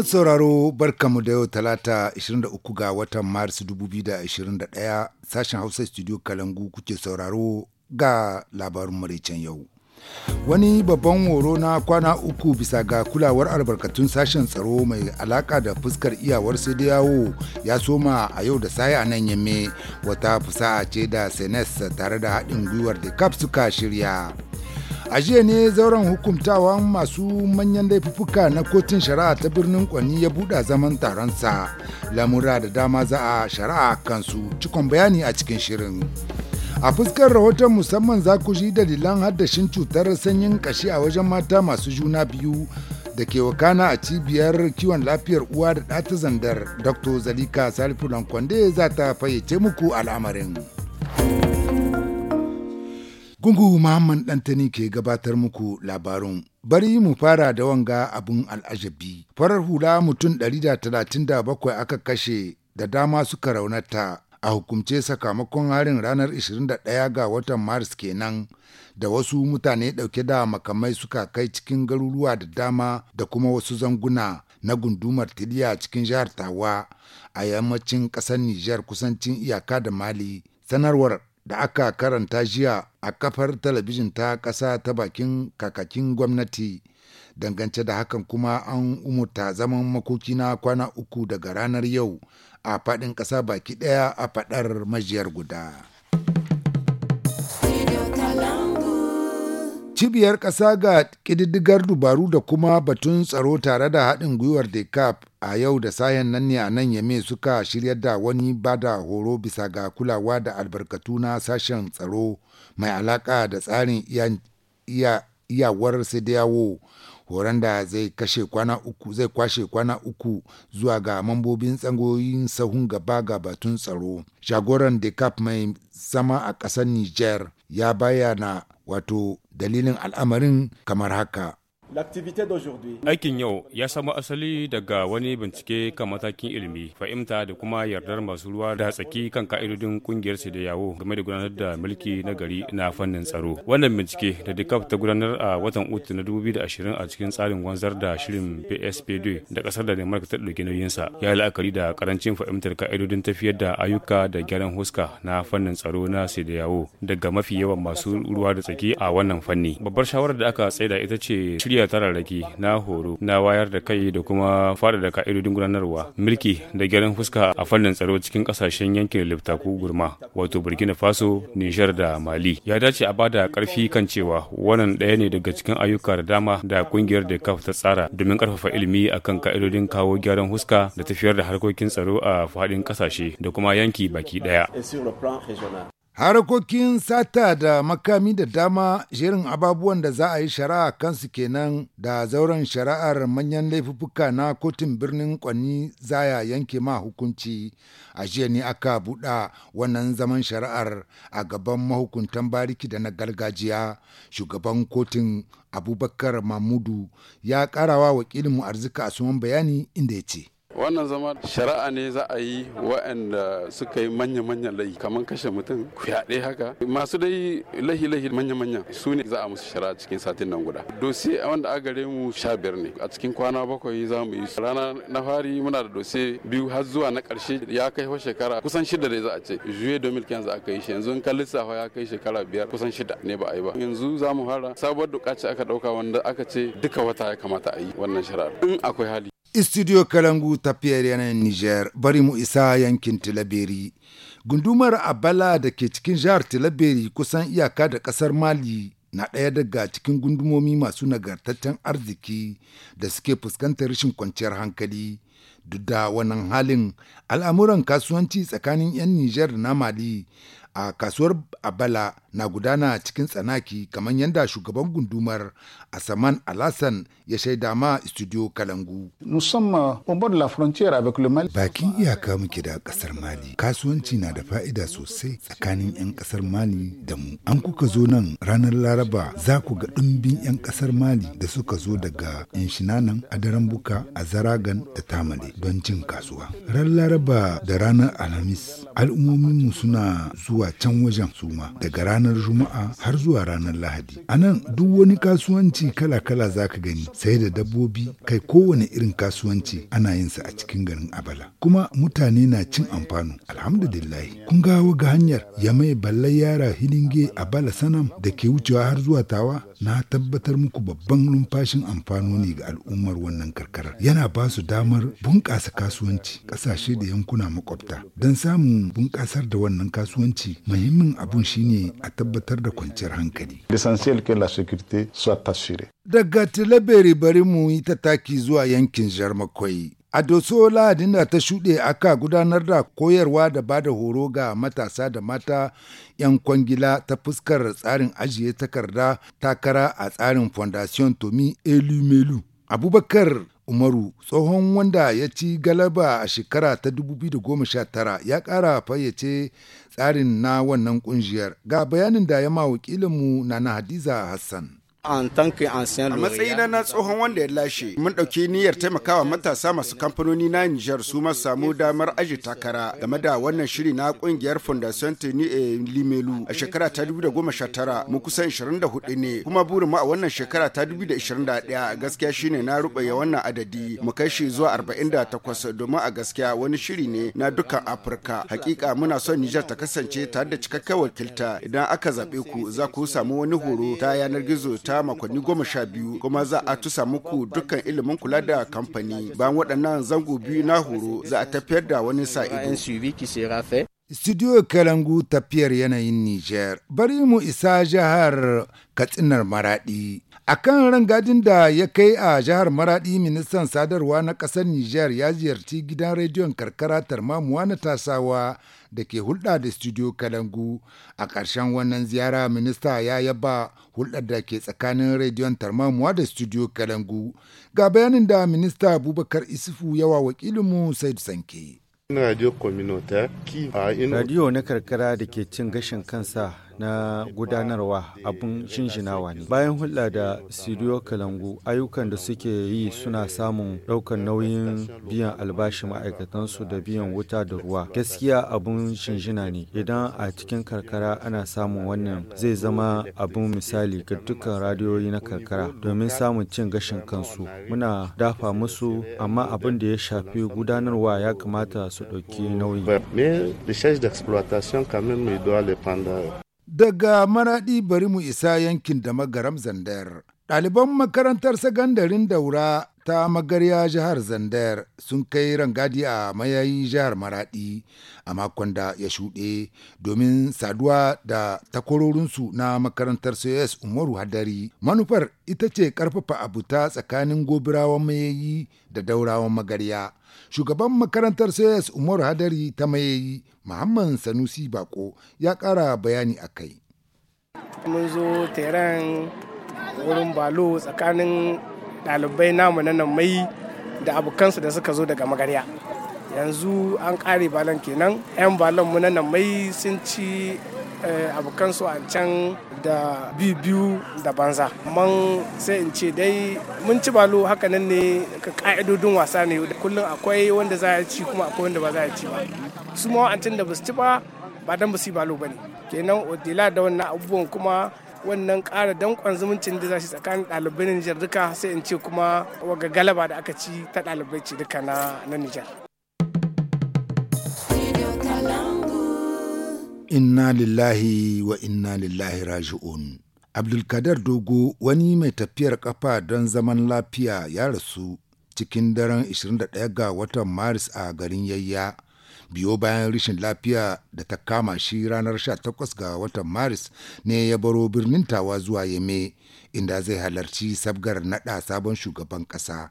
Masu sauraro barkamu da yau talata 23 ga watan Maris 2021 sashen Hausa Studio Kalangu kuke sauraro ga labarin maraicen yau. Wani babban horo na kwana uku bisa ga kulawar albarkatun sashen tsaro mai alaka da fuskar iyawar sai yawo ya soma a yau da sai a nan yamme wata fusa'a ce da Senes tare da haɗin gwiwar da kap suka shirya. a jiya ne zauren hukuntawa masu manyan laifuka na kotun shari'a ta birnin kwani ya buɗa zaman taronsa lamura da dama za a shari'a kansu cikon bayani a cikin shirin a fuskar rahoton musamman za ku ji dalilan haddashin cutar sanyin kashi a wajen mata masu juna biyu da ke wakana a cibiyar kiwon lafiyar uwa da ɗata zandar dr zalika salifu lankwande za ta fayyace muku al'amarin. Gungu Muhammad Dantani ke gabatar muku labarun. Bari mu fara da wanga abun al'ajabi. Farar hula mutum 137 aka kashe da dama suka raunata a hukumce sakamakon harin ranar 21 ga watan Maris kenan da wasu mutane ɗauke da makamai suka kai cikin garuruwa da dama da kuma wasu zanguna. na gundumar tiliya cikin jihar tawa a yammacin ƙasar Nijar kusancin iyaka da Mali. Sanarwar da aka karanta jiya a kafar talabijin ta ƙasa ta bakin kakakin gwamnati dangance da hakan kuma an umurta zaman makoki na kwana uku daga ranar yau a faɗin ƙasa baki ɗaya a faɗar majiyar guda. cibiyar ƙasa ga ƙididdigar dubaru da kuma batun tsaro tare da haɗin gwiwar decap a yau da sayan nan ne a nan yame suka shiryar da wani ba da horo bisa ga kulawa da albarkatu na sashen tsaro mai alaka da tsarin iyawar sidiyawo horon da zai kashe kwana uku zai kwashe kwana uku zuwa ga mambobin tsangoyin sahun gaba ga batun tsaro jagoran decap mai zama a ƙasar niger ya bayyana wato dalilin al'amarin kamar haka Aikin yau ya samo asali daga wani bincike kan matakin ilimi, fahimta da kuma yardar masu ruwa da tsaki kan ka'idodin kungiyar su da yawo game da gudanar da mulki na gari na fannin tsaro. Wannan bincike da DICAP ta gudanar a watan Utu na 2020 a cikin tsarin wanzar da shirin PSP2 da kasar da Denmark ta ɗauki nauyinsa ya la'akari da karancin fahimtar ka'idodin tafiyar da ayyuka da gyaran huska na fannin tsaro na su da yawo daga mafi yawan masu ruwa da tsaki a wannan fanni. Babbar shawarar da aka tsaida ita ce shirya ta tararraki na horo na wayar da kai da kuma da ka'idodin gudanarwa mulki da gyaran fuska a fannin tsaro cikin kasashen yankin liftaku gurma wato burkina faso nijar da mali ya dace a bada karfi kan cewa wannan ɗaya ne daga cikin ayyuka da dama da ƙungiyar da kaf ta tsara domin karfafa ilimi akan ka'idodin kawo gyaran fuska da tafiyar da harkokin tsaro a faɗin ƙasashe da kuma yanki baki ɗaya Harakokin sata da makami da dama shirin ababuwan da za a yi shari'a kansu kenan da zauren shari'ar manyan laifuffuka na kotun birnin kwanni zaya yanke ma hukunci a jiya ne aka buɗa wannan zaman shari'ar a gaban mahukuntan bariki da na gargajiya shugaban kotun abubakar mahmudu ya ƙarawa wakilinmu arzika a suman bayani inda ya ce. wannan zama shari'a ne za a yi waɗanda suka yi manya-manyan lahi kamar kashe mutum fyaɗe haka masu dai lahi-lahi manya-manya su ne za a musu shari'a cikin satin nan guda dose wanda a gare mu sha biyar ne a cikin kwana bakwai za mu yi rana na fari muna da dosi. biyu har zuwa na ƙarshe ya kai wa shekara kusan shida dai za a ce juye 2015 za a kai shi yanzu in ka lissafa ya kai shekara biyar kusan shida ne ba a yi ba yanzu za mu fara sabuwar dokaci ce aka ɗauka wanda aka ce duka wata ya kamata a yi wannan shari'a in akwai hali Studio Kalangu tafiyar yanayin niger bari mu isa yankin Tilaberi. Gundumar Abala da ke cikin jihar Tilaberi kusan iyaka da kasar Mali na ɗaya daga cikin gundumomi masu nagartaccen arziki da suke fuskantar rashin kwanciyar hankali. Duk da wannan halin al'amuran kasuwanci tsakanin 'yan niger na Mali a kasuwar abala na gudana cikin tsanaki kamar yadda shugaban gundumar asaman alasan ya shaida ma studio kalangu bakin iyaka muke da kasar mali kasuwanci na da fa'ida sosai tsakanin 'yan kasar mali da mu an kuka zo nan ranar laraba za ku ga ɗumbin 'yan kasar mali da suka zo daga a daren buka a zaragan da tamale don cin kasuwa ran laraba da ranar alhamis al'ummomin mu suna zuwa zuwa can wajen suma daga ranar Juma'a har zuwa ranar Lahadi. A nan duk wani kasuwanci kala-kala za ka gani sai da dabbobi kai kowane irin kasuwanci ana yin sa a cikin garin Abala. Kuma mutane na cin amfanu alhamdulillah. Kun ga ga hanyar ya mai balle yara hilinge Abala sanam da ke wucewa har zuwa tawa na tabbatar muku babban numfashin amfano ne ga al'ummar wannan karkarar yana ba su damar bunƙasa kasuwanci ƙasashe da yankuna makwabta don samun bunƙasar da wannan kasuwanci muhimmin abun shine a tabbatar da kwanciyar hankali daga tilaberi bari mu yi ta taki zuwa yankin jarmakwai A doso lahadin da ta shuɗe aka gudanar da koyarwa da ba da horo ga matasa da mata 'yan kwangila ta fuskar tsarin ajiye takarda takara a tsarin Fondation Tomi Elumelu. Abubakar Umaru tsohon wanda ya ci galaba a shekara ta 2019 ya ƙara fayyace tsarin na wannan ƙungiyar ga bayanin da ya ma wakilinmu na Hadiza Hassan. an tanke a matsayi na tsohon wanda ya lashe mun ɗauki niyyar taimakawa matasa masu kamfanoni na Nijar su ma samu damar aji takara game da wannan shiri na kungiyar Fondation Teni e Limelu a shekara ta 2019 mu kusan 24 ne kuma burin mu a wannan shekara ta 2021 gaskiya shine na ya wannan adadi mu kai shi zuwa 48 domin a gaskiya wani shiri ne na dukkan Afirka hakika muna son Nijar ta kasance tare da cikakken wakilta idan aka zaɓe ku za ku samu wani horo ta yanar gizo ta ta makonni goma sha biyu kuma za a tusa muku dukkan ilimin kula da kamfani bayan waɗannan zango biyu na horo za a tafiyar da wani sa Studio Kalangu tafiyar yanayin niger bari mu isa jihar Katsinar maradi. A kan rangadin da ya kai a jihar Maradi ministan sadarwa na ƙasar Nijar ya ziyarci gidan rediyon karkara tarmamuwa na tasawa da ke hulɗa da studio Kalangu. A ƙarshen wannan ziyara minista ya yaba hulɗar da ke tsakanin rediyon tarmamuwa da studio Kalangu. Ga bayanin da minista Abubakar Isufu yawa wakilinmu Said Sanke. Radio na karkara da ke cin gashin kansa na gudanarwa abin shinshinawa ne bayan hulɗa da studio kalangu ayyukan da suke yi suna samun ɗaukar nauyin biyan albashi ma'aikatansu da biyan wuta da ruwa gaskiya abin shinshina ne idan a cikin karkara ana samun wannan zai zama abin misali ga dukkan radiyoyi na karkara domin samun cin gashin kansu muna dafa musu amma abin da ya shafi gudanarwa ya kamata su ɗauki nauyi Mais les charges d'exploitation, quand même, les prendre Daga maraɗi bari mu isa yankin da magaram zandar. Ɗaliban makarantar sagandarin daura ta magarya jihar zandar sun kai rangadi a mayayi jihar maradi a makon da ya shuɗe domin saduwa da takwarorinsu na makarantar cs umaru hadari manufar ita ce karfafa abuta tsakanin gobirawan mayayi da daurawan magarya shugaban makarantar cs umaru hadari ta mayayi muhammad sanusi bako ya ƙara bayani a kai mun zo teren wurin balo tsakanin ɗalibai namu na nan mai da abokansu da suka zo daga magarya yanzu an ƙare balon kenan 'yan balon mu na nan mai sun ci eh, abokansu a can da biyu da banza man sai in ce dai mun ci balo haka nan ne ka ka'idodin wasa ne kullum akwai wanda za a ci kuma akwai wanda ba za a ci ba su ma wa'ancin da ba su ci ba ba dan ba su yi balo ba ne kenan odila da wannan abubuwan kuma wannan ƙara dankon zumuncin da za shi tsakanin ɗalibai na Nijar duka sai in ce kuma waga galaba da aka ci ta ɗalibai ce duka na Nijar. Inna lillahi wa inna lillahi raju'un Abdulkadar Dogo wani mai tafiyar kafa don zaman lafiya ya rasu cikin daren 21 ga watan Maris a garin Yayya. biyo bayan rashin lafiya da ta kama shi ranar 18 ga watan maris ne ya baro birnin tawa zuwa yame inda zai halarci sabgar naɗa sabon shugaban ƙasa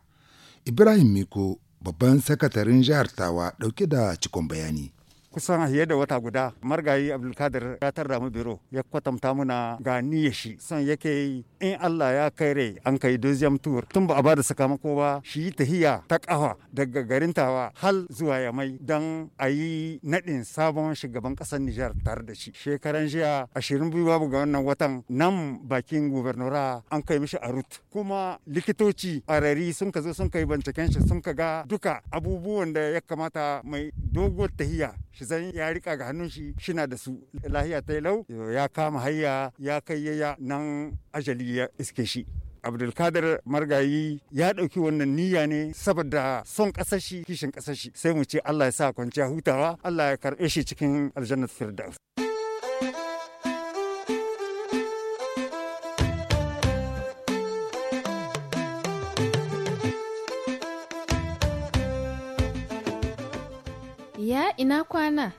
ibrahim miko babban sakatarin jihar tawa ɗauke da cikon bayani kusan fiye da wata guda margayi abdulkadir ya tarra mu biro ya kwatanta muna ga niyyar shi son yake in allah ya kai rai an kai dozium tour tun ba a ba da sakamako ba shi yi tahiya ta kafa daga garin tawa hal zuwa ya don a yi naɗin sabon shugaban ƙasar nijar tare da shi shekaran jiya ashirin biyu babu ga wannan watan nan bakin gubernura an kai mishi arut kuma likitoci arari sun ka zo sun kai binciken shi sun ka ga duka abubuwan da ya kamata mai doguwar tahiya shi zan ya rika ga hannun shi shina da su lahiya ta lau ya kama hayya ya kai yaya nan ajali ya iske shi abdulkadir margayi ya ɗauki wannan niyya ne saboda son kasashi kishin ƙasashi sai mu ce allah ya sa kwanciya hutawa allah ya karɓe shi cikin aljannar firdaus ina kwana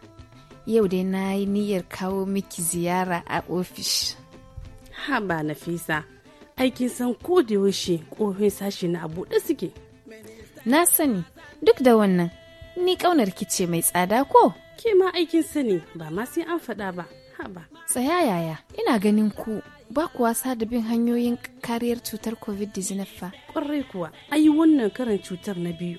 yau dai na yi niyyar kawo miki ziyara a ofis ha ba nafisa aikin san ko da yaushe kofin sashi na buɗe suke na sani duk da wannan ni ƙaunar ce mai tsada ko ke ma aikin sani ba ma sai an faɗa ba ha ba tsaya yaya ina ganin ku ba kuwa da bin hanyoyin kariyar cutar covid-19 fa ƙwarai kuwa ayi wannan karin cutar na biyu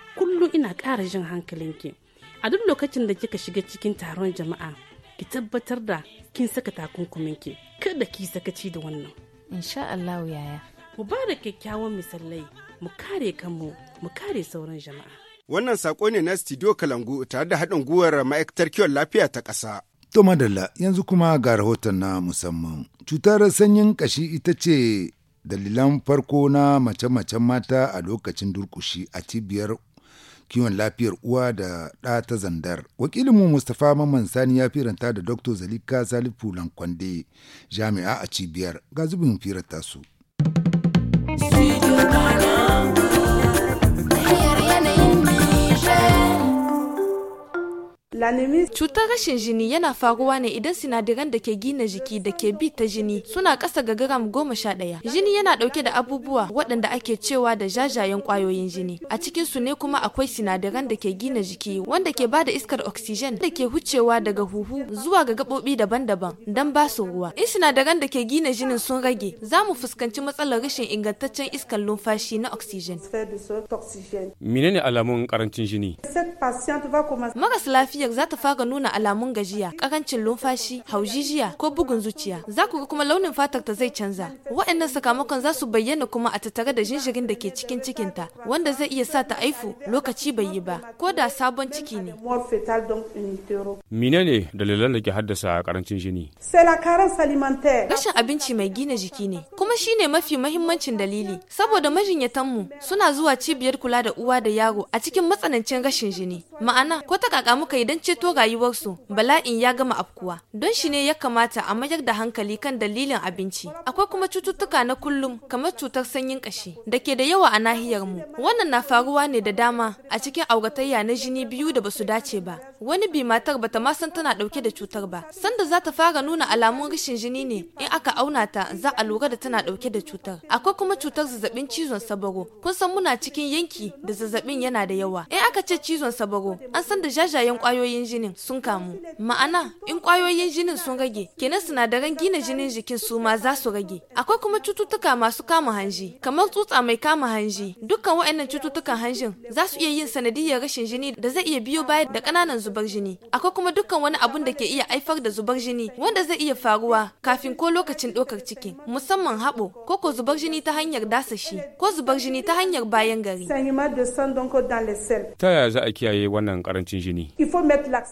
kullum ina ƙara jin hankalinki a duk lokacin da kika shiga cikin taron jama'a ki tabbatar da kin saka takunkuminki kada ki sakaci da wannan insha Allah yaya mu ba da kyakkyawan misalai mu kare kanmu mu kare sauran jama'a wannan sako ne na studio kalangu tare da haɗin gwiwar ma'aikatar kiwon lafiya ta ƙasa. To madalla yanzu kuma ga rahoton na musamman. Cutar sanyin ƙashi ita ce dalilan farko na mace-macen mata a lokacin durkushi a cibiyar kiwon lafiyar uwa da ɗa ta zandar wakilinmu mustapha mamman sani ya firanta da dr zalika salifu lankwande jami'a a cibiyar ga zubin firar tasu. Cutar rashin jini yana faruwa ne idan sinadiran da ke gina jiki da ke bi ta jini suna ƙasa ga gram goma sha ɗaya. Jini yana ɗauke da abubuwa waɗanda ake cewa da jajayen kwayoyin jini. A cikin su ne kuma akwai sinadaran da ke gina jiki wanda ke bada iskar oxygen da ke hucewa daga huhu zuwa ga gaɓoɓi daban-daban don ba su ruwa. In sinadaran da ke gina jinin sun rage, za mu fuskanci matsalar rashin ingantaccen iskar numfashi na oxygen. Menene alamun karancin jini? Maras lafiyar zata za ta fara nuna alamun gajiya, karancin lumfashi, haujijiya ko bugun zuciya. Za ku ga kuma launin fatar ta zai canza. Waɗannan sakamakon za su bayyana kuma a tattare da jinjirin da ke cikin cikinta, wanda zai iya sa ta aifu lokaci bai yi ba, ko da sabon ciki ne. Menene dalilan da ke haddasa karancin jini? Rashin abinci mai gina jiki ne, kuma shine mafi mahimmancin dalili, saboda majinyatanmu suna zuwa cibiyar kula da uwa da yaro a cikin matsanancin rashin jini. Ma'ana, ko ta kaka muka idan ceto rayuwarsu bala'in ya gama afkuwa don shi ne ya kamata a mayar da hankali kan dalilin abinci akwai kuma cututtuka na kullum kamar cutar sanyin kashi da ke da yawa a nahiyar mu wannan na faruwa ne da dama a cikin auratayya na jini biyu da basu dace ba wani bi matar bata ma san tana dauke da cutar ba sanda za ta fara nuna alamun rashin jini ne in aka auna ta za a lura da tana dauke da cutar akwai kuma cutar zazzabin cizon sabaro kun san muna cikin yanki da zazzabin yana da yawa aka ce cizon sabaro an san da jajayen kwayoyin jinin sun kamu ma'ana in kwayoyin jinin sun rage kenan sinadaran gina jinin jikin su ma za su rage akwai kuma cututtuka masu kama hanji kamar tsutsa mai kama hanji dukkan waɗannan cututtukan hanjin za su iya yin sanadiyyar rashin jini da zai iya biyo baya da kananan zubar jini akwai kuma dukkan wani abun da ke iya haifar da zubar jini wanda zai iya faruwa kafin ko lokacin ɗaukar ciki musamman haɓo ko ko zubar jini ta hanyar dasashi ko zubar jini ta hanyar bayan gari ta yaya za a kiyaye wannan karancin jini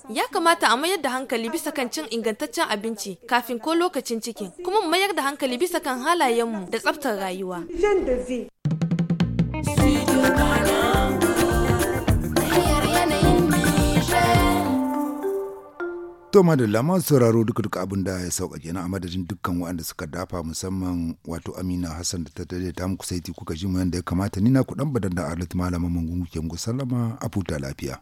ya kamata a mayar da hankali bisa kan cin ingantaccen abinci kafin ko lokacin ciki kuma mu mayar da hankali bisa kan halayenmu da tsaftar rayuwa To madalla masu sauraro duka duka abin da ya sauka kenan a madadin dukkan waɗanda suka dafa musamman wato Amina Hassan da ta ta muku saiti kuka ji mu yanda ya kamata ni na ku dan badan da Arlit malamin mun ke muku sallama a futa lafiya.